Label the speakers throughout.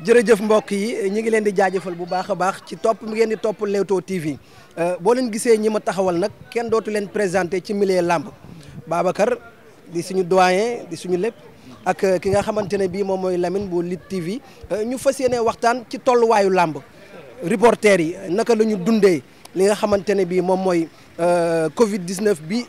Speaker 1: jërëjëf mbokk yi ñu ngi leen di jaajëfal bu baax a baax ci topp mu ngeen di topp Leewtoo TV euh, boo leen gisee ñi ma taxawal nag kenn dootu leen présenté ci milieu làmb Babacar di suñu doyen di suñu lépp ak euh, ki nga xamante ne bii moom mooy lamin bu Lit TV euh, ñu fas ne waxtaan ci tolluwaayu làmb reporter yi naka lañu dundee li nga xamante ne bii moom mooy Covid 19 bi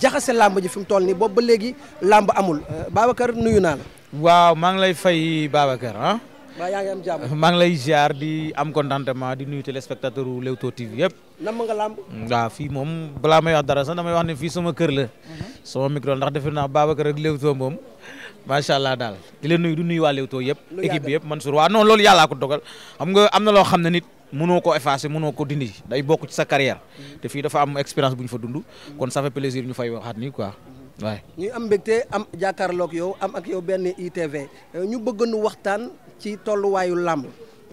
Speaker 1: jaxase làmb ji fi mu toll nii boobu ba léegi làmb amul Babacar nuyu naa la. waaw maa ngi lay fay
Speaker 2: Babacar ah.
Speaker 1: waaw yaa ngi am jàmm
Speaker 2: maa ngi lay ziar di am contentement di nuyu téléspectateur u Leewtoo TV yëpp. nam nga làmb. waaw fii moom balaa may wax dara sax damay wax ne fii sama kër la. Mhm. sama micro ndax defe naa Babacar ak Leewtoo moom macha allah daal di leen nuyu du nuyu waa Leewtoo yëpp. équipe bi yëpp Mansour waaw non loolu yàllaa ko xam nga am na loo xam ne nit. mënoo ko effacé mënoo ko dindi day bokk ci sa carrière mhm. te fii dafa am expérience bu fa dund mhm. kon ça fait plaisir ñu fay waxaat nii quoi waaye
Speaker 1: ñuy am ci tolluwaayu làmb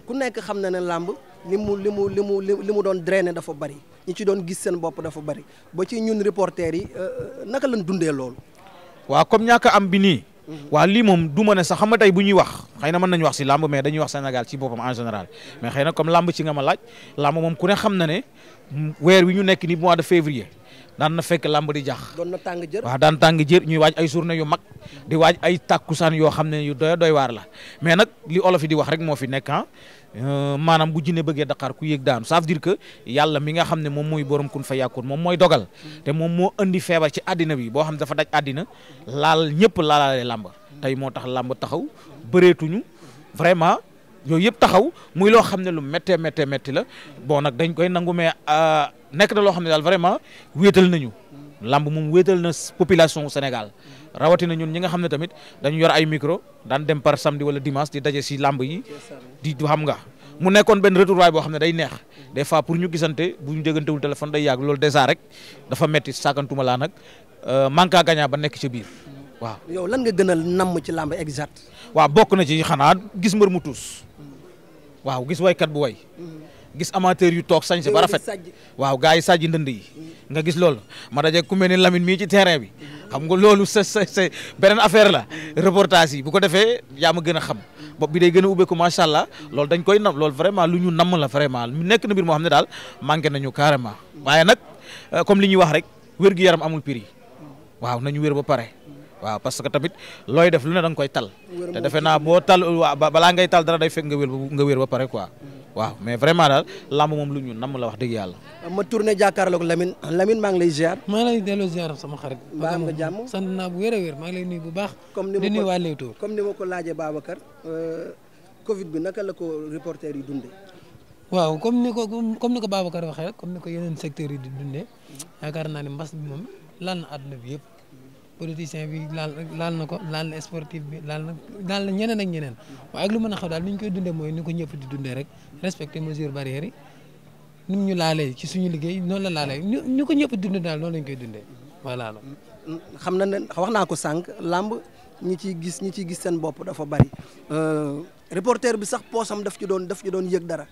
Speaker 1: ku nekk xam na ne làmb li mu li mu li mu li mu doon drainer dafa bari ñi ci doon gis seen bopp dafa bari ba ci ñun reporter yi euh, euh, naka lañ dundee loolu.
Speaker 2: waaw comme ñàkk am bi nii. Mhm. waaw lii moom du ma ne sax xam nga tey bu ñuy wax xay na mën nañu wax si làmb mais dañuy wax Sénégal ci boppam en général mais xëy na comme làmb ci nga ma laaj làmb moom ku ne xam na ne weer wi ñu nekk ni mois de février. daan na fekk làmb di jax
Speaker 1: doon na tàng jër
Speaker 2: waaw daan tàng jër ñuy waaj ay journée yu mag di waaj ay tàkkusaan yoo xam ne yu doy doy waar la mais nag li olof yi di wax rek moo fi nekk ah euh, maanaam bu jinne bëggee daqaar ku yéeg daanu ça veut dire que yàlla mi nga xam ne moom mooy borom kun fa yàkkoon moom mooy dogal te moom moo indi feebar ci àddina bi boo xam dafa daj àddina laal ñëpp laalaale làmb tey moo tax làmb taxaw bëreetuñu vraiment yooyu yëpp taxaw muy loo xam ne lu la bon nag dañ koy nangu mais euh, nekk na loo xam ne daal vraiment wéetal nañu. lamb moom wéetal na population Sénégal rawatina ñun ñi nga xam ne tamit dañu yor ay micro daan dem par samedi wala dimanche di daje si lamb yi di xam nga mu nekkoon benn retour waay boo xam ne day neex des fois pour ñu gisante bu ñu déggantewul téléphone day yàgg loolu dèjà rek dafa metti sàkkantuma laa nag euh, manque à ba nekk ca biir waaw. yow lan nga gën a namm ci làmb exact waa bokk na ci xanaa gis mbër mu tuus waaw gis waykat bu way. Mm-hmm. gis amateur yu toog sañse ba rafet waaw gars yi sàjj ndënd yi nga gis lool ma daje ku mel ni Lamine mii ci terrain bi xam nga loolu sa sa sa beneen affaire la reportage yi bu ko defee yaa gën a xam bopp bi day gën a ubbeeku macha allah loolu dañ koy nam loolu vraiment lu ñu nam la vraiment nekk na mbir moo xam ne daal man manqué nañu carrément waaye nag euh, comme li ñuy wax rek wér gu yaram amul prix waaw nañu wér ba pare waaw parce que tamit looy def lu ne da koy tal te naa boo tal waa balaa ngay tal dara day fekk nga wér nga wér ba pare quoi waaw mais vraiment daal lamb moom lu ñu nam
Speaker 3: la wax dëgg yàlla.
Speaker 1: ma tourné jàkkaarloog Lamine Lamine maa ngi lay ziar. maa ngi lay delloo
Speaker 3: bu wér a maa ngi lay nuyu bu
Speaker 1: euh, bi naka la ko reporter yi dundee.
Speaker 3: waaw comme ni ko comme ni ko Babacar waxee rek comme ni ko yeneen secteurs yi di dundee yaakaar naa ne mbas bi moom
Speaker 1: laal na àdduna bi yëpp.
Speaker 3: politicien bi na ko laal na sportif a xaw daal ni mooy ni ko ñëpp di dundee rek respecté mesure barrière yi ni ñu laalee ci suñu liggéey noonu la laalee ñu ñu ko ñëpp dund daal noonu lañ koy dundee voilà.
Speaker 1: xam na ne wax naa ko sànq làmb ñi ciy gis ñi ciy gis seen bopp dafa bari. Euh, reporter bi sax poosam daf ci doon daf ci doon yëg dara.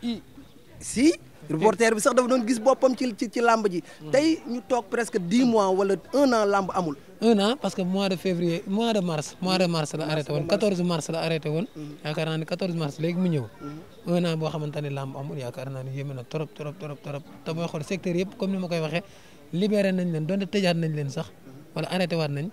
Speaker 1: si. reporter bi sax dafa doon gis boppam ci ci ci làmb ji. Hmm. tey ñu toog presque dix mois wala un an làmb amul.
Speaker 3: un an parce que mois de février mois de mars mois de hmm. mars la arrêté woon 14 mars la arrêté woon. yaakaar naa ne 14 mars léegi mu ñëw. Hmm. un an boo xamante ne làmb amul yaakaar naa ne na trop trop trop trop te secteur yëpp comme ni ma koy waxee libéré nañ leen donte tëjaat nañ leen sax wala arrêté waat nañ.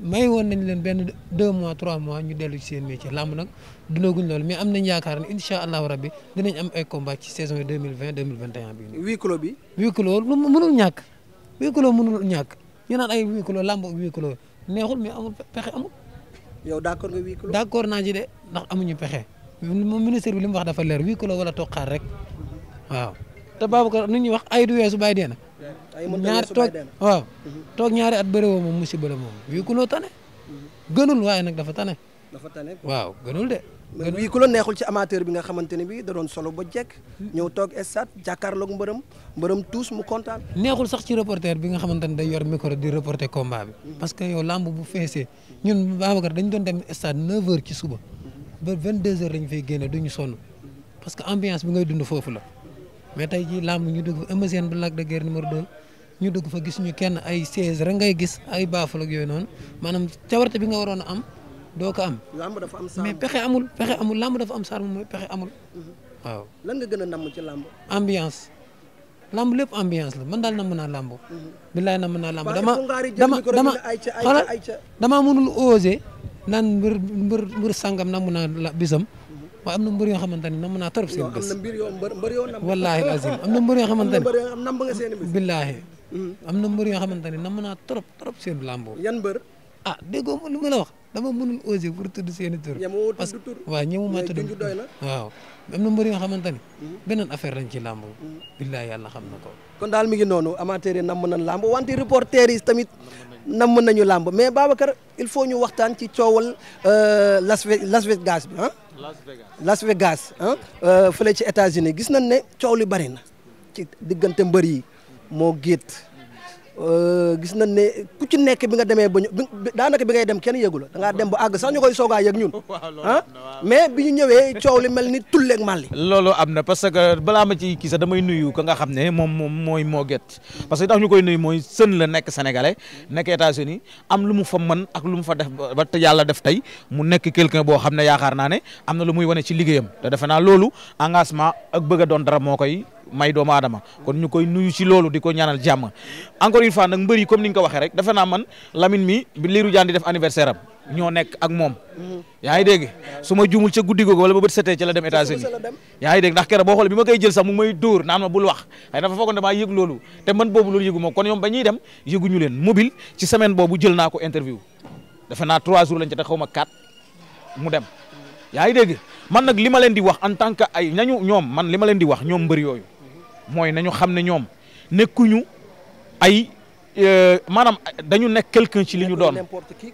Speaker 3: may woon nañ leen benn deux mois trois mois ñu dellu ci seen métier làmb nag dundaguñ loolu mais am nañ yaakaar ne incha allahu rabbi dinañ am ay combat ci saison yi deux mille vingt deux mille vingt et un
Speaker 1: bii. huis clos bi.
Speaker 3: huis clos lu mënul ñàkk huis clos mënul ñàkk ñu naan ay huis clos làmb ak huis clos neexul mais amul pexe amul.
Speaker 1: yow d' accord nga huis clos. d' accord naa ci de ndax
Speaker 3: amuñu pexe moom ministre bi li mu wax dafa leer huis clos wala toqaar rek waaw te Babacar nu ñuy wax ay du weesu bàyyi dee na
Speaker 1: ñaari toog
Speaker 3: waaw mhm. toog ñaari at bëri woo moom musiba la moom
Speaker 1: wii kuloo tane mhm. gënul waaye nag dafa tane waaw gënul de wii ku neexul ci amateur bi nga xamante ne bi da solo ba jekk ñëw toog stade jàkkaarloog mbërëm mbërëm tous mu kontaan
Speaker 3: neexul sax ci reporter bi nga xamante ne day yor micro di reporter combat bi mhm. parce que yow lamb bu feesee ñun Babacar dañ doon dem stade 9 heures ci suba ba 22 heures lañ fay génne duñu parce que ambiance bi ngay dund foofu la mais tey jii lamb ñu dugg émosiène bu Lac de Guiers numéro 2 ñu dugg fa gis ñu kenn ay siège rek ngay gis ay baafal ak yooyu noonu maanaam cawarte bi nga waroon a am doo ko am. làmb dafa am mais pexe amul pexe amul lamb dafa am saar moom mooy pexe amul.
Speaker 1: Mm-hmm. waaw lan nga gën a namm ci làmb.
Speaker 3: ambiance làmb lépp ambiance la man daal namm naa làmb. Mm-hmm. billaay namm naa làmb dama dama dama xoolal damaa mënul oser naan mbër mbër mbër sangam namm naa la bisam. Mm-hmm. waaye am na mbër yoo xamante ne namm naa seen bés. am na
Speaker 1: mbir yoo mbër yoo namm. wallaahi azim am na mbër yoo xamante ne.
Speaker 3: am na mbër yoo namm nga Mm-hmm. am na mbër yoo xamante ne namm naa trop trop seen làmboo. mbër. ah déggoo ma lu ma la wax dama mënul oser pour tudd seen i tur. ñemewu tudd tur waaw ñemewu ma tudd doy waaw am na mbër xamante ni. Mm-hmm. beneen affaire lañ ci làmb. Mm-hmm. billaay yàlla xam na ko.
Speaker 1: kon daal mi ngi noonu amateur yi namm nañ làmb wante reporter yi tamit. namm nañu làmb mais Babacar il faut ñu waxtaan ci coowal euh, Las Las Vegas bi ah. Las Las Vegas ah. fële ci États-Unis gis nañ ne coow li bari na. ci diggante mbër yi. moo géet euh, gis na ne ku ci nekk bi nga demee ba ñu daanaka bi ngay dem kenn yëgul la da ngaa dem ba àgg sax ñu koy soogaa yëg ñun ah? mais bi ñu ñëwee coow li mel ni tulleeg li
Speaker 2: loolu am na parce que balaa ma ci kii sax damay nuyu ka nga xam ne moom moom mooy moo gét parce que tax ñu koy nuyu mooy sën la nekk sénégalais nekk états-unis am lu mu fa mën ak lu mu fa def ba yàlla def tey mu nekk quelqu'un boo xam ne yaakaar naa ne am na lu muy wane ci liggéeyam te naa loolu engagement ak bëgg a doon dara moo koy may doomu aadama kon ñu koy nuyu si loolu di ko ñaanal jàmm encore une fois nag mbër yi comme ni nga ko waxee rek defe naa man Lamine mi bi Lirou def anniversaire am ñoo nekk ak moom mm-hmm. yaa ngi dégg su ma juumul ca guddi googu wala ba bët setee ca la dem États-Unis yaa ngi ndax kere boo xoolee bi ma koy jël sax mu may dóor naan ma bul wax xëy dafa foogoon damaa yëg loolu te man boobu loolu yëgu ma kon ñoom ba ñuy dem yëguñu leen mobile ci semaine boobu jël naa ko interview defe naa trois xaw ma quatre mu dem yaa ngi dégg man nag li ma leen di wax en tant que ay ñañu ñoom man li ma leen di wax ñoom mbër yooyu mooy nañu xam ne ñoom nekkuñu ay euh, maanaam dañu nekk quelqu'un ci li ñu doon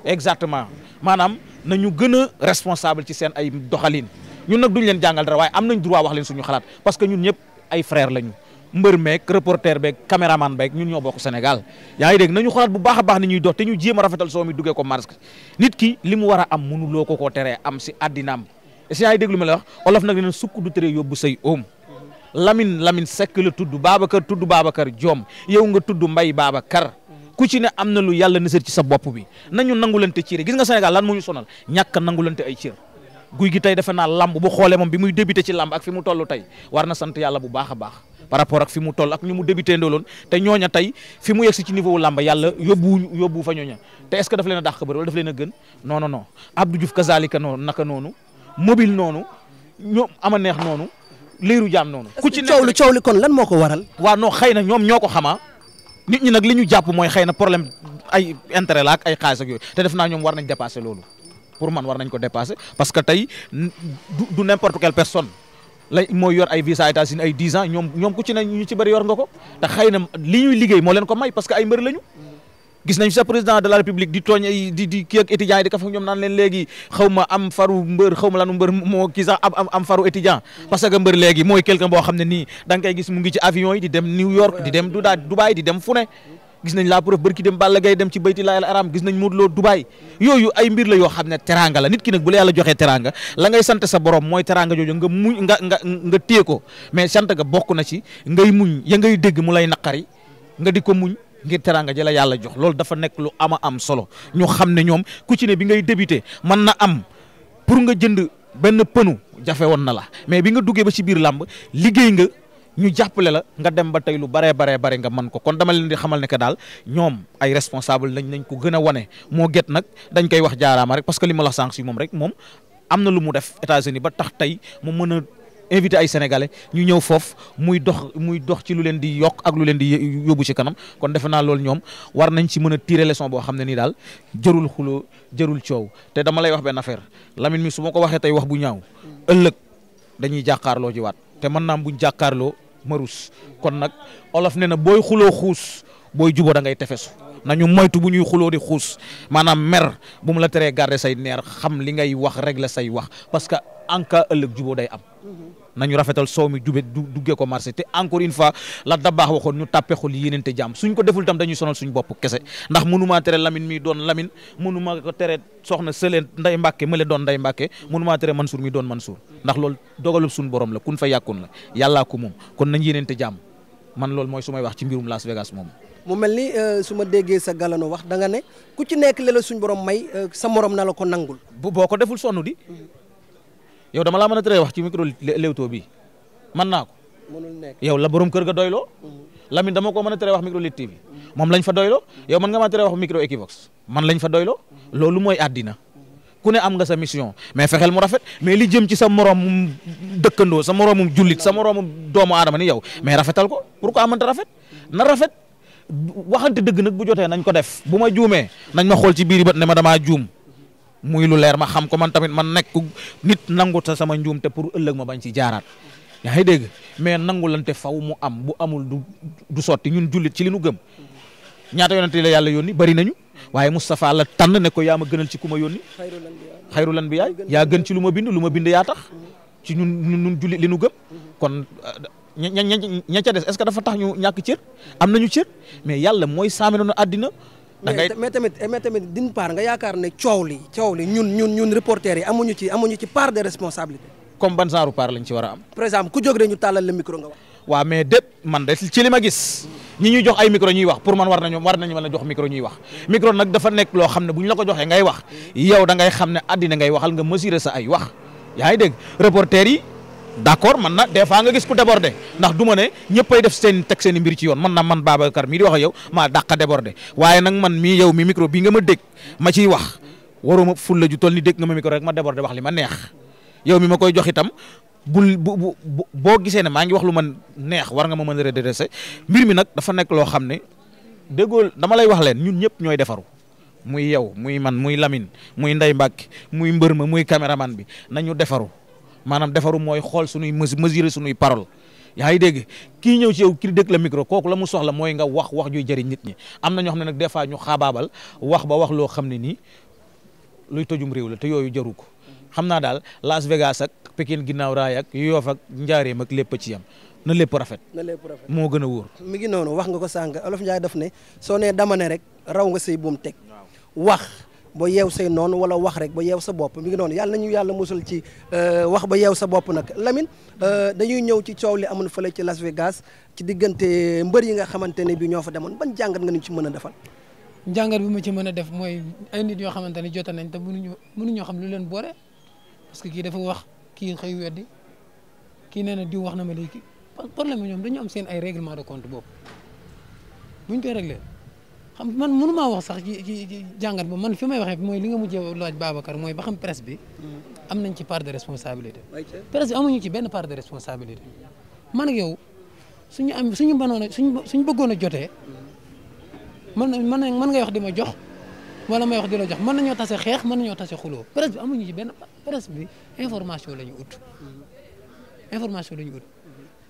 Speaker 2: exactement maanaam nañu gën a responsable ci seen ay doxalin ñun nag duñ leen jàngal dara waaye am nañ droit wax leen suñu xalaat parce que ñun ñëpp ay frère lañu mbër meek reporter beeg caméraman beeg ñun ñoo bokk Sénégal yaa ngi dégg nañu xalaat bu baax a baax ni ñuy dox te ñu jéem a rafetal soo mi duggee ko mars nit ki li mu war a am mënuloo ko koo teree am si addinaam si yaa ngi dégg lu ma la wax olof nag ne sukk Lamine Lamine Seck la tudd Babacar tudd Babacar Diom yow nga tudd Mbaye Babacar ku ci ne am na lu yàlla na nisër ci sa bopp bi nañu nangulante ciire gis nga Sénégal lan moo ñu sonal ñàkk nangulante ay ciir guy gi tey defe lamb bu xoolee moom bi muy débuté ci lamb ak fi mu toll tey war na sant yàlla bu baax a baax par rapport ak fi mu toll ak ñu mu débuté ndooloon te ñooña tey fi mu yegsi ci niveau làmba yàlla yóbbu yóbbu fa ñooña te est ce que a dàq bëri wala daf leen a gën non non non naka noonu mobile noonu ñoom ama neex noonu liiru jaan noonu. ku ci coow
Speaker 1: li coow li kon lan moo ko waral.
Speaker 2: waaw non xëy na ñoom ñoo ko xamaa nit ñi nag li ñu jàpp mooy xëy na problème ay intérêt laak ay xaalis ak yooyu te def naa ñoom war nañ dépasser loolu pour man war nañ ko dépasser parce que tey du n'importe quelle personne. la mooy yor ay visa États-Unis ay 10 ñoom ñoom ku ci ne ñu ci bëri yor nga ko te xëy li ñuy liggéey moo leen ko may parce que ay mbër lañu. gis nañ sa président de la république di tooñ ay di di kii ak étudiants naan leen léegi xaw am faru mbër xaw ma lanu mbër moo kii sax am am faru étudiant parce que mbër léegi mooy quelqu'un boo xam ne nii danga kay gis mu ngi ci avion yi di dem New York di dem du Duda Dubaï di dem fu ne gis nañ la preuve bërki dem Balla Gaye dem ci bayti laayal aram gis nañ Modou Lo Dubaï yooyu ay mbir la yoo xam ne teranga la nit ki nag bu la yàlla joxee teranga la ngay sant sa borom mooy teranga jooju nga muñ nga nga nga téye ko mais sant bokk na ci ngay muñ ya ngay dégg mu lay naqari nga di ko muñ ngir teraanga ji la yàlla jox loolu dafa nekk lu ama am solo ñu xam ne ñoom ku ci ne bi ngay débuté man na am pour nga jënd benn pënu jafe woon na la mais bi nga duggee ba ci biir làmb liggéey nga ñu jàppale la nga dem ba tey lu baree baree bare nga mën ko kon dama leen di xamal ne que daal ñoom ay responsable lañ nañ ko gën a wane moo get nag dañ koy wax jaaraama rek parce que li ma la sànq si moom rek moom am na lu mu def États-Unis ba tax tey mu mën invité ay sénégalais ñu ñëw foofu muy dox muy dox ci lu leen di yokk ak lu leen di yóbbu ci kanam kon defe naa loolu ñoom war nañ ci mën a tiire leçon boo xam ne nii daal jërul xulo jërul coow te dama lay wax benn affaire Lamine mi su ma ko waxee tey wax bu ñaaw ëllëg dañuy jàkkaarloo ji waat te man naa am buñ jàkkaarloo marus kon nag olof ne na booy xuloo xuus booy juboo da ngay tefesu nañu moytu bu ñuy xuloo di xuus maanaam mer bu mu la teree garder say neer xam li ngay wax régler say wax parce que en ëllëg juboo day am mm-hmm. nañu rafetal soow mi jube du duggee ko marché te encore une fois la da baax waxoon ñu tàppe xol yéenante jàmm suñ ko deful tam dañuy sonal suñ bopp kese ndax mënumaa tere Lamine mi doon Lamine mënumaa ko tere soxna Sële Ndeye Mbacke mële doon Ndeye Mbacke mënumaa tere Mansour mi doon Mansour ndax loolu dogalub suñ borom la kun fa yàkkun la yàllaa ko moom kon nañ te jàmm man loolu mooy su may wax ci mbirum Las Vegas moom
Speaker 1: mu mel ni euh, su ma déggee sa galano wax da nga ne ku ci nekk la suñ borom may euh, sa morom na la ko nangul bu boo ko deful sonn di mm.
Speaker 2: yow dama la mën a tere wax ci micro Leewtoo bii man naa ko.
Speaker 1: mënul nekk yow
Speaker 2: la borom kër ga doyloo.
Speaker 1: Mm-hmm.
Speaker 2: Lamine dama ko mën a tere wax micro Lutte TV moom lañ fa doyloo. yow mën nga maa tere wax micro Equivox man lañ fa doyloo. Mm-hmm. loolu mooy àddina. Mm-hmm. ku ne am nga sa mission mais fexeel mu rafet mais li jëm ci sa moroomum dëkkandoo sa moroomum jullit sa moroomum doomu adama ni yow mais rafetal ko pourquoi mënta rafet na rafet waxante dëgg nag bu jotee nañ ko def bu ma juumee nañ ma xool ci biir bët ne ma damaa juum. muy lu leer ma xam ko man tamit man nekku nit nangu ta sama njuum te pour ëllëg ma bañ ci jaaraat yaa ngi dégg mais nangulante faw mu am bu amul du du sotti ñun jullit ci nu gëm ñaata yonent la yàlla yónni bari nañu waaye Moustapha la tànn ne ko yaa ma gënal ci ku ma yónni xayru lan bi yaay yaa gën ci lu ma bind lu ma bind yaa tax ci ñun ñun jullit li nu gëm kon ña ña ña ca des est-ce que
Speaker 1: dafa tax ñu ñàkk cër am nañu cër mais yàlla mooy saaminoon addina da ngay mais tamit mais tamit d'une part nga yaakaar ne coow li coow li ñun ñun yi amuñu ci amuñu ci part de responsabilité.
Speaker 2: comme ban genre part lañ ci war am.
Speaker 1: par exemple ku jóg rek ñu tàllal la micro nga wax.
Speaker 2: waaw mais dépp man de ci li gis ñi ñuy jox ay micro ñuy wax pour man war nañu war nañu mën a jox micro ñuy wax micro nag dafa nekk loo xam ne bu ñu la ko joxee ngay wax yow da ngay xam ne àddina ngay waxal nga mesurer sa ay wax yaa ngi dégg reporter yi. d'accord man na des fois nga gis ku débordé ndax duma ne ñëppay def seen teg seen mbir ci yoon man na man Babacar mii di wax ak yow maa dàq a débordé waaye nag man mii yow mi micro bii nga ma dégg ma ciy wax waruma fulla ju toll ni dégg nga ma micro rek ma débordé wax li ma neex yow mi ma koy jox itam bul bu boo gisee ne maa ngi wax lu man neex war nga ma mën a redresser mbir mi nag dafa nekk loo xam ne déggoo dama lay wax leen ñun ñëpp ñooy defaru muy yow muy man muy lamin muy Ndeye Mbacke muy mbër ma muy man bi nañu defaru maanaam defaru mooy xool suñuy mesure suñuy parole yaa ngi dégg kii ñëw ci yow kii dëkk la micro kooku la mu soxla mooy nga wax wax juy jëriñ nit ñi am na ñoo xam ne nag des fois ñu xaabaabal wax ba wax loo xam ne nii luy tojum réew la te yooyu jaru ko xam naa daal Las Vegas ak Pekin ginnaaw raay ak Yoof ak Njaareem ak lépp ci yam na lépp rafet. na lépp moo gën a wóor.
Speaker 1: mi ngi noonu wax nga ko sànq olof Ndiaye def ne soo nee dama ne rek raw nga say buum teg wax. ba yeew say noonu wala wax rek ba yeew sa bopp mi ngi noonu yàlla nañu yàlla musal ci euh, wax ba yeew sa bopp nag Lamine euh, dañuy ñëw ci coow li amoon fële ci Las Vegas ci diggante mbër yi nga xamante ne bi ñoo fa demoon ban jàngat nga ñu ci mën a defal
Speaker 3: jàngat bi ma ci mën a def mooy ay nit yoo xamante ne jota nañ te mënuñu mënuñoo xam lu leen boole parce que kii dafa wax kii xëy weddi kii nee na diw wax na ma léegi problème bi ñoom dañu am seen ay réglement de compte boobu buñ koy réglé xam man maa wax sax ci ci jàngat ba man fi may waxee mooy li nga mujjee laaj Babacar mooy ba xam presse bi mm. am nañ ci part de responsabilité presse bi amuñu ci benn part de responsabilité man ak yow suñu am suñu mënoon a suñu suñu bëggoon a jotee mën mën mën ngay wax di jox wala may wax di la mën nañoo tase xeex man mën nañoo tase xuloo presse bi ñu ci benn presse bi information la ñu ut mm-hmm. information la mm-hmm.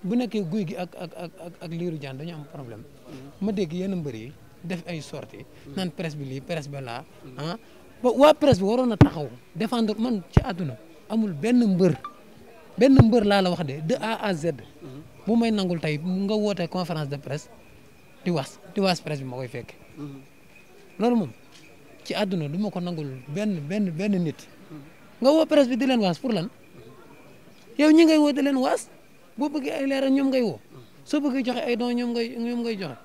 Speaker 3: bu nekkee guy gi ak ak liiru jaan dañu am problème mm-hmm. ma dégg yenn mbër yi def ay sorties hmm. naan presse bi lii presse bi la ah ba waa presse bi waroon a taxaw defendre man ci àdduna amul benn mbër benn mbër laa la wax de de A à Z. Hmm. bu may nangul tey nga woote conférence de presse di wax di wax presse bi moo koy fekke hmm. loolu moom ci àdduna du ma ko nangul benn benn benn nit. nga woo presse bi di leen waas pour lan yow ñi ngay woo di leen waas boo bëggee ay leeral ñoom ngay woo soo bëggee joxe ay don ñoom ngay ñoom joxe.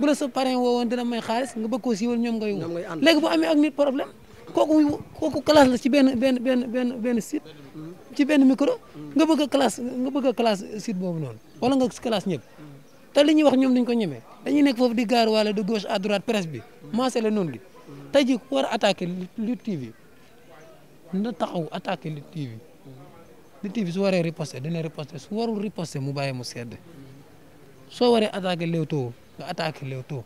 Speaker 3: bu la sa parrain woowoon dina may xaalis nga bëgg koo siiwal ñoom ngay woo léegi bu amee ak nit problème kooku kooku classe la ci benn benn benn benn benn site mm-hmm. ci benn micro mm-hmm. nga bëgg a classe bëgg a classe boobu noonu wala nga classe ñëpp mm-hmm. te li ñu wax ñoom duñ ko ñemee dañuy nekk foofu di gaar wala de gauche à droite presse bi maasé la noonu gi tey ji ku war attaque attaqué Lutte TV na taxaw attaqué Lutte TV Lutte TV su waree riposté dina riposté su warul riposté mu bàyyi mu sedd soo waree attaqué too nga attaqué le tout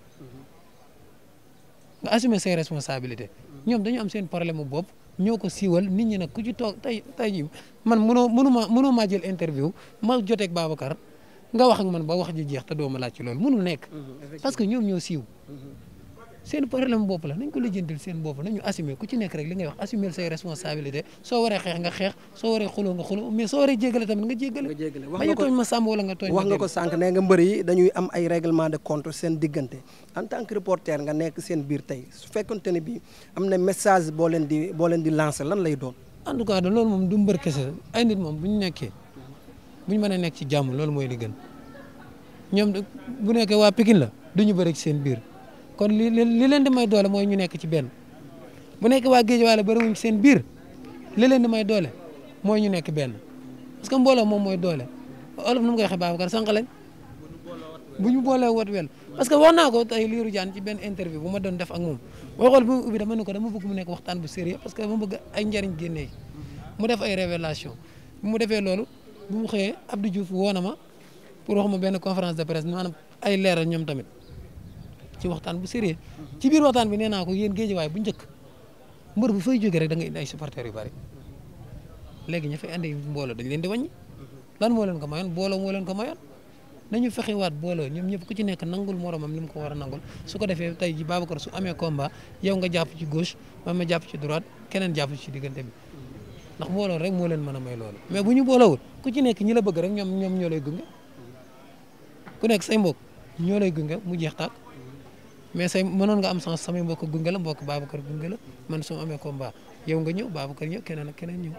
Speaker 3: nga assumer ses responsabilités ñoom dañu am seen problème mu bopp ñoo ko siiwal nit ñi nag ku ci toog tey tey jii man mënoo mënuma mënoo maa jël interview ma joteeg Babacar nga wax man ba wax ji jeex te doo ma laaj ci loolu mënul nekk mm-hmm. parce que ñoom ñoo siiw mm-hmm. seen problème bopp la nañ ko lijjantil seen bopp nañu assumer ku ci nekk rek li ngay wax assumer say responsabilité soo waree xeex nga xeex soo waree xuloo nga xuloo mais soo waree jéggale tamit nga jéggale ma ñu tooñ ma sàmm wala nga tooñ wax nga ko sànq ne
Speaker 1: nga mbër yi dañuy am ay règlement de compte seen diggante en tant que reporter nga nekk seen biir tey su fekkonte ne bi am na message boo leen di boo leen di lancer lan lay doon
Speaker 3: en tout cas da moom du mbër kese ay nit moom bu ñu bu ñu mën a nekk ci jàmm loolu mooy li gën ñoom bu nekkee waa Pikine la duñu bëri ci seen biir kon li li leen di may doole mooy ñu nekk ci benn bu nekk waa Géejawaay bëri wuñ seen biir li leen di may doole mooy ñu nekk benn parce que mbooloo moom mooy doole olof na mu koy waxee Babacar sànq lañ bu ñu boolee wat wel parce que wax naa ko tey Lirou Diane ci benn interview bu ma doon def ak moom boo xool bu mu ubbi dama ne ko dama bëgg mu nekk bu sérieux parce que dama bëgg ay njariñ génnee mu def ay révélation mu defee loolu bu mu xëyee Abdou Diouf woo na ma pour wax ma benn conférence de presse maanaam ay leeral ñoom tamit ci waxtaan bu sérieux ci biir waxtaan bi nee naa ko yéen géejawaay bu njëkk mbër bu fay jóge rek da nga indi ay supporters yu bari léegi ña fay andi mbooloo dañ leen di wàññi lan moo leen ko mayoon booloo moo leen ko mayoon nañu fexe waat booloo ñoom ñëpp ku ci nekk nangul moromam li mu ko war a su ko defee tey ji Babacar su amee combat yow nga jàpp ci gauche man ma jàpp ci droite keneen jàpp ci diggante bi ndax booloo rek moo leen mën a may loolu mais bu ñu boolowul ku ci nekk ñi la bëgg rek ñoom ñoom ñoo lay ku nekk say mbokk ñoo lay gunge mu jeex tàkk mais say mënoon nga am sens samay mbokk gunge la mbokk Babacar gunge la man su ma amee combat yow nga ñëw Babacar ñëw keneen ak keneen ñëw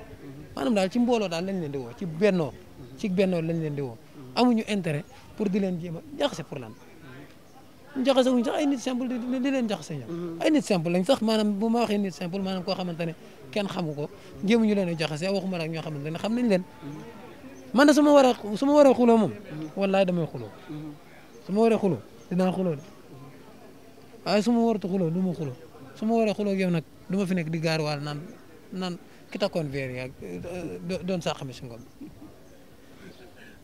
Speaker 3: maanaam daal ci mbooloo daal lañ leen di woo ci bennoo ci bennoo lañ leen di woo amuñu intérêt pour di jéem a jaxase pour lan jaxase wuñ sax ay nit simple di leen jaxase ñoom mm-hmm. ay nit simple lañ sax maanaam bu ma waxee nit simple maanaam koo xamante ne kenn xamu ko jéemuñu leen a jaxase waxuma la ak ñoo xamante ne xam nañ leen mm-hmm. man de su ma war a su ma war a xuloo moom mm-hmm. su ma war a xuloo dinaa waaye su ma waratu xuloo du ma xuloo su ma waree xuloo ak yow nag du ma fi nekk di gaar waal naan naan ki takkoon verre yaa doon sàq mi
Speaker 1: si ngoom.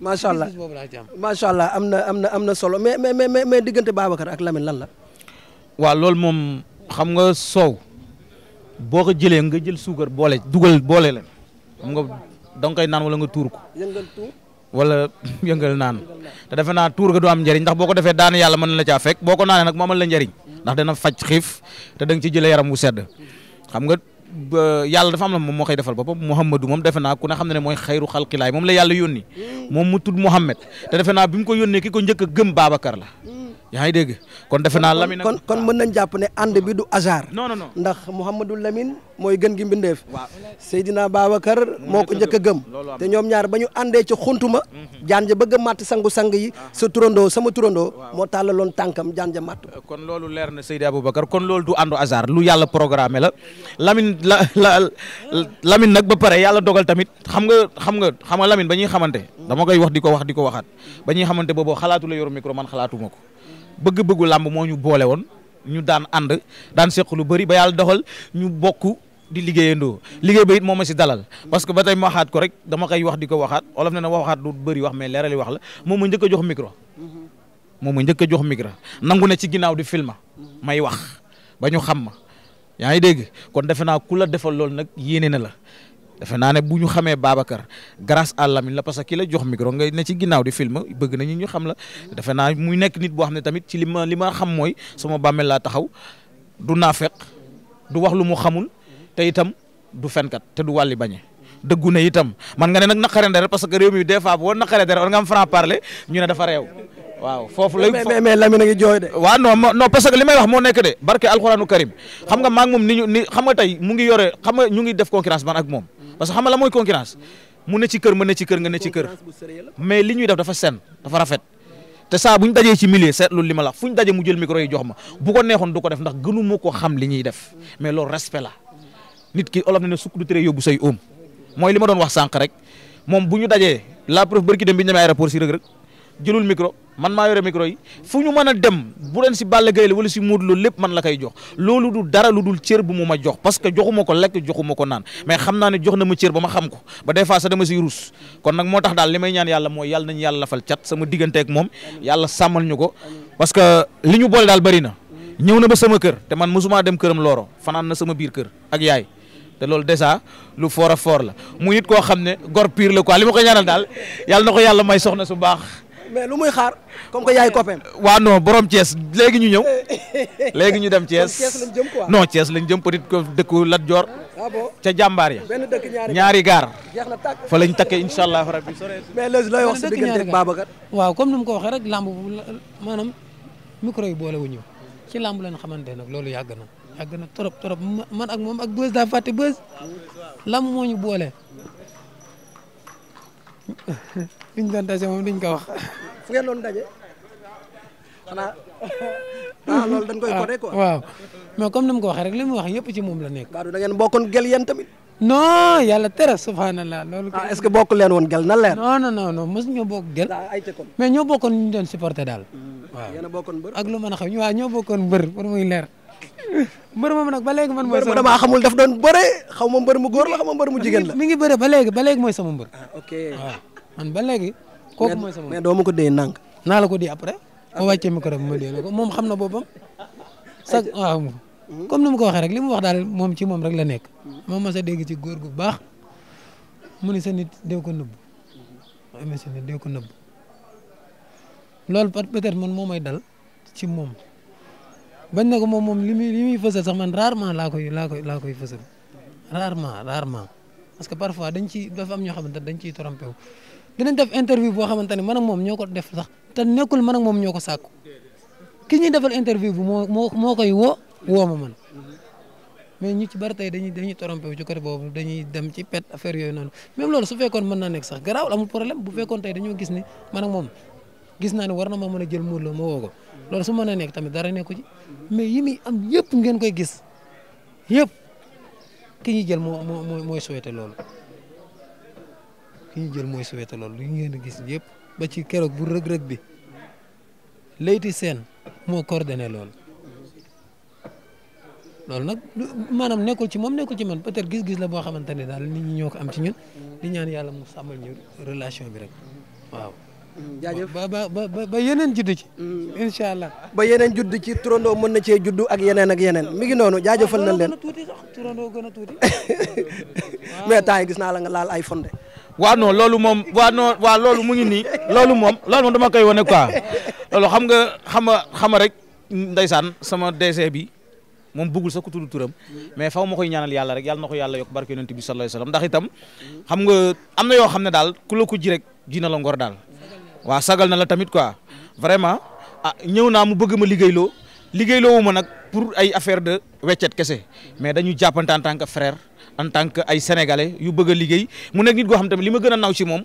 Speaker 1: macha allah macha allah am na am na am na solo mais mais mais mais diggante Babacar ak Lamine lan la.
Speaker 2: waaw loolu moom xam nga soow boo ko jëlee nga jël suukar boole dugal boole leen xam nga danga koy nga tuur ko. wala yëngal naan te defe naa tuur ga du am njëriñ ndax boo ko defee daan yàlla mën na la caa fekk boo ko naanee nag mu amal la njëriñ ndax dana faj xiif te da nga ci jëlee yaram wu sedd xam nga yàlla dafa am la moom moo koy defal boppam Muhammadu moom defe naa ku xam ne mooy xayru xalqilaay moom la yàlla yónni mm. moom mu tudd Muhammad te defe naa bi mu ko yónnee ki ko njëkk a gëm Babacar
Speaker 1: la yaa ngi dégg kon defe naa Lamine. kon kon mën nañ jàpp ne ànd bi du hasard. non non non ndax Mouhamadou Lamine mooy gën gi mbindeef. waaw Seydina Babacar moo ko njëkk a gëm. te ñoom ñaar ba ñu àndee ci xuntuma. Mhm. jaan ja bëgg a màtt sangu-sang yi. Ah. sa turandoo sama turandoo. moo tàllaloon tànkam jaan ja màtt.
Speaker 2: kon loolu leer na Seydi Aboubacar kon loolu du àndu hasard lu yàlla programmé la lamin la la nag ba pare yàlla dogal tamit xam nga xam nga xam nga Lamine ba ñuy xamante. dama koy wax di ko wax di ko waxaat ba ñuy xamante boobu xalaatu la yor micro man xalaatuma ko bëgg-bëggu làmb moo ñu boole woon ñu daan ànd daan seq lu bari ba yàlla doxal ñu bokk di liggéeyandoo liggéey ba it moom ma si dalal parce que ba tey ma waxaat ko rek dama koy wax di ko waxaat olof na ne waxaat du bëri wax mais leerali wax la moom ma njëkk a jox micro. moom ma njëkk a jox micro nangu ne ci ginnaaw di filma may wax ba ñu xam ma yaa ngi dégg kon defe naa ku la defal loolu nag yéene na la defe naa ne bu ñu xamee Babacar grâce à Lamine la parce que ki la jox micro nga ne ci ginnaaw di film bëgg nañu ñu xam la defe naa muy nekk nit boo xam ne tamit ci li ma li ma xam mooy sama bàmmeel laa taxaw du naafeq du wax lu mu xamul te itam du fenkat te du wàlli bañe dëggu na itam man nga ne nag naqare dara parce que réew mi des a ngi jooy de. waaw non non wax moo nekk de barke alxuraanu karim xam nga maa ngi moom ni xam nga tey mu ngi yore xam nga ñu ngi def concurrence man ak moom. parce que xam la mooy concurrence mu ne ci kër ma ne ci kër ne ci kër mais li ñuy def dafa sen dafa rafet te saa bu ñu dajee ci milieu seetlu li ma la fu ñu daje mu jël micro yi jox ma bu ko neexoon du ko def ndax gënu ma ko xam li ñuy def mais loolu respect la nit ki olof na ne sukk du tere yóbbu say oom mooy li ma doon wax sànq rek moom bu ñu dajee la preuve barki dem bi ñu aéroport si rëg-rëg jëlul micro man ma yore micro yi fu ñu man a dem bu doon si Balla Gaye la wala si Modou Lo lépp man la koy jox loolu du dara lu dul cër bu mu ma jox parce que joxuma ko lekk joxuma ko naan mais xam naa ne jox na ma cër ba ma xam ko ba des fois sax dama siy ruus kon nag moo tax daal li may ñaan yàlla mooy yàlla nañu yàlla lafal cat sama diggante ak moom yàlla sàmmal ñu ko parce que li ñu boole daal bëri na ñëw na ba sama kër te man mosuma dem këram looro fanaan na sama biir kër ak yaay te loolu dèjà lu foor foor la mu koo xam ne gor pire li ma ko daal yàlla na ko yàlla may soxna su baax mais lu muy xaar comme que yaay copain. borom Thiès léegi ñu ñëw
Speaker 1: léegi
Speaker 2: ñu dem Thiès lañ jëm quoi non Thiès lañ jëm peut-être que dëkku Lat Dior.
Speaker 1: Ah ca jàmbaar ya benn dëkk ñaari ñaari gaar. fa lañ
Speaker 2: takkee incha allah rabbi.
Speaker 1: mais léegi looy wax sa diggante ak Babacar.
Speaker 3: waaw comme ni mu ko waxee rek làmb maanaam micro yi boole wu ñu ci làmb lañ xamante nag loolu yàgg na yàgg na trop man ak moom ak bës daa fàtte bës làmb moo ñu boole. fi ñu doon daje moom duñ ko wax.
Speaker 1: fu ngeen doon daje. xanaa ah loolu dañ koy codé waaw
Speaker 3: mais comme ni mu ko waxee rek li mu wax yëpp ci moom la nekk. Badou da ngeen bokkoon gel yéen tamit. non yàlla tere subhanallah loolu. ah est-ce que bokk
Speaker 1: leen woon gel na leer.
Speaker 3: non non non non mos ñoo bokk gel. Ah, ay mais ñoo bokkoon ñu doon supporter daal. Mm. waaw a bokkoon mbër. ak lu mën a xam waaw ñoo bokkoon mbër pour muy leer. mbër moom nag ba léegi man mooy sama mbër damaa xamul daf doon xaw ma mbër mu góor la xaw ma mbër mu jigéen la. mi ngi bëre ba léegi mooy sama mbër.
Speaker 1: ah man ba léegi. kooku mooy sama mais
Speaker 3: ko dee nang. naa la ko di après. ma wàccee micro bi ma moom xam na boppam. sax waaw hmm? comme ni ma ko waxee rek lim mu wax daal moom ci moom rek la nekk. Hmm. moom ma sa dégg ci góor gu baax mu ni sa nit dee ko nëbb. ma amee sa nit dee ko peut-être man moo may dal ci moom bañ na ko moom moom li muy li muy fësal sax man rarement laa koy laa koy laa koy fësal rarement rarement parce que parfois dañ ci dafa am ñoo xamante dañ ciy trompé wu dinañ def interview boo xamante ne man ak moom ñoo ko def sax te nekkul man moom ñoo ko sàkku ki ñuy defal interview bu moo moo koy woo woo ma man mais ñu ci bari tey dañuy dañuy trompé ci côté boobu dañuy dem ci pet affaire yooyu noonu même loolu su fekkoon mën naa nekk sax garaawul amu problème bu fekkoon tey dañoo gis ni man moom gis naa ne war na ma mën a jël muur la ma woo loolu su mën a nekk tamit dara nekku ci mais yi muy am yëpp ngeen koy gis yëpp ki ñuy jël moo moo mooy souhaité loolu. ki ñu jël mooy suwete loolu li ngeen gis yëpp ba ci keroog bu rëg-rëg bi Leyti Sène moo coordonné loolu loolu maanaam nekkul ci moom nekkul ci man peut gis-gis la boo xamante ne daal nit ñi ñoo am ci ñun di ñaan yàlla mu sàmmal ñu relation bi rek waaw.
Speaker 1: ba ba yeneen judd ci. Mm. incha allah ba yeneen judd ci turandoo mën na cee judd ak yeneen ak yeneen mi ngi noonu jaajëfal nañ leen. turandoo
Speaker 3: gën a tuuti sax turandoo gën a tuuti.
Speaker 1: mais gis naa la nga laal ay fonde. waaw
Speaker 2: no loolu moom waa non waaw loolu mu ngi nii loolu moom loolu moom dama koy wane quoi loolu xam nga xam nga xam rek ndeysaan sama DC bi moom bëggul sa ku tudd turam mais faw ma koy ñaanal yàlla rek yàlla na ko yàlla yokk barke yonent bi sallallahu alayhi wasallam ndax xam nga am na yoo xam ne daal ku la ko ji rek ji na la ngor daal waaw sagal na la tamit quoi vraiment a ah, ñëw naa mu bëgg ma liggéeyloo liggéeyloowu ma nag pour ay affaire de weccet kese mais dañu jàppante en que frère en tant que ay sénégalais yu bëgg liggéey mu nekk nit goo xam tamit li ma gën a naw ci moom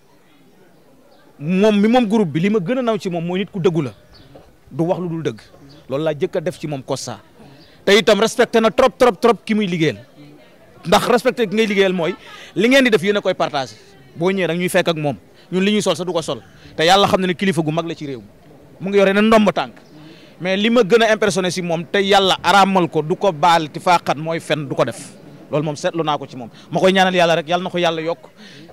Speaker 2: moom mi moom groupe bi li ma gën a naw ci moom mooy nit ku dëggu la du wax lu dul dëgg loolu laa jëkk a def ci moom constat te itam respecté na trop trop trop ki muy ndax respecté ki ngay liggéeyal mooy li ngeen di def yéen a koy partagé boo ñëwee rek ñuy fekk ak ñun li ñuy sol sa du ko sol te yàlla xam na ne kilifa gu mag la ci réew mu ngi yore na ndomb tànk mais li ma gën a impressionné si moom te yàlla araamal ko du ko baal ti faaxat mooy fen du ko def loolu moom seetlu naa ko ci moom ma koy ñaanal yàlla rek yàlla na ko yàlla yokk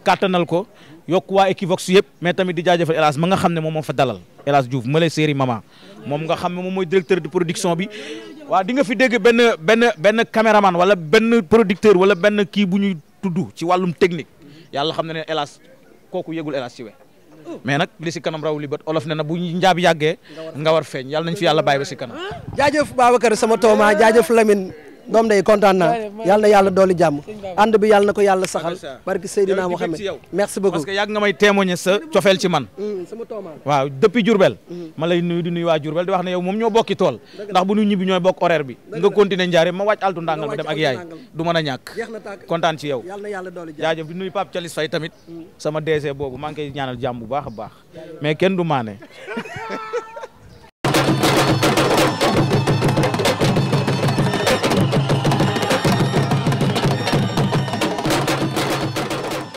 Speaker 2: kàttanal ko yokk waa Equivox yëpp mais tamit di jaajëfal El Hadj ma nga xam ne moom moo moom directeur de production bi waaw di fi dégg benn benn benn caméraman benn producteur wala benn kii bu ñuy tudd ci wàllum technique yàlla xam ne ne El Hadj kooku yëgul El Hadj si we mais nag li si raw li bët olof ne na bu njaab yàggee nga war feeñ yàlla nañ fi yàlla bàyyi ba si kanam
Speaker 1: jaajëf Babacar sama doom day kontaan naa yàlla na yàlla dooli jàmm ànd bi yàlla na ko yàlla saxal barki Seydina Mohamed merci beaucoup parce
Speaker 2: que yàgg nga may témoigner sa cofeel ci man mm, sama toomaa waaw depuis Diourbel mm. ma lay nuyu di nuyu waa Diourbel di wax ne yow moom ñoo bokki tool ndax bu ñu ñibbi ñooy bokk horaire bi nga continuer njaare ma wàcc altu ndàngal ma dem ak yaay du mën a ñàkk kontaan ci yow jaajëf di nuyu Pape Thialis Faye tamit mm. sama DG boobu man ngi koy ñaanal jàmm bu baax a baax mais kenn du maane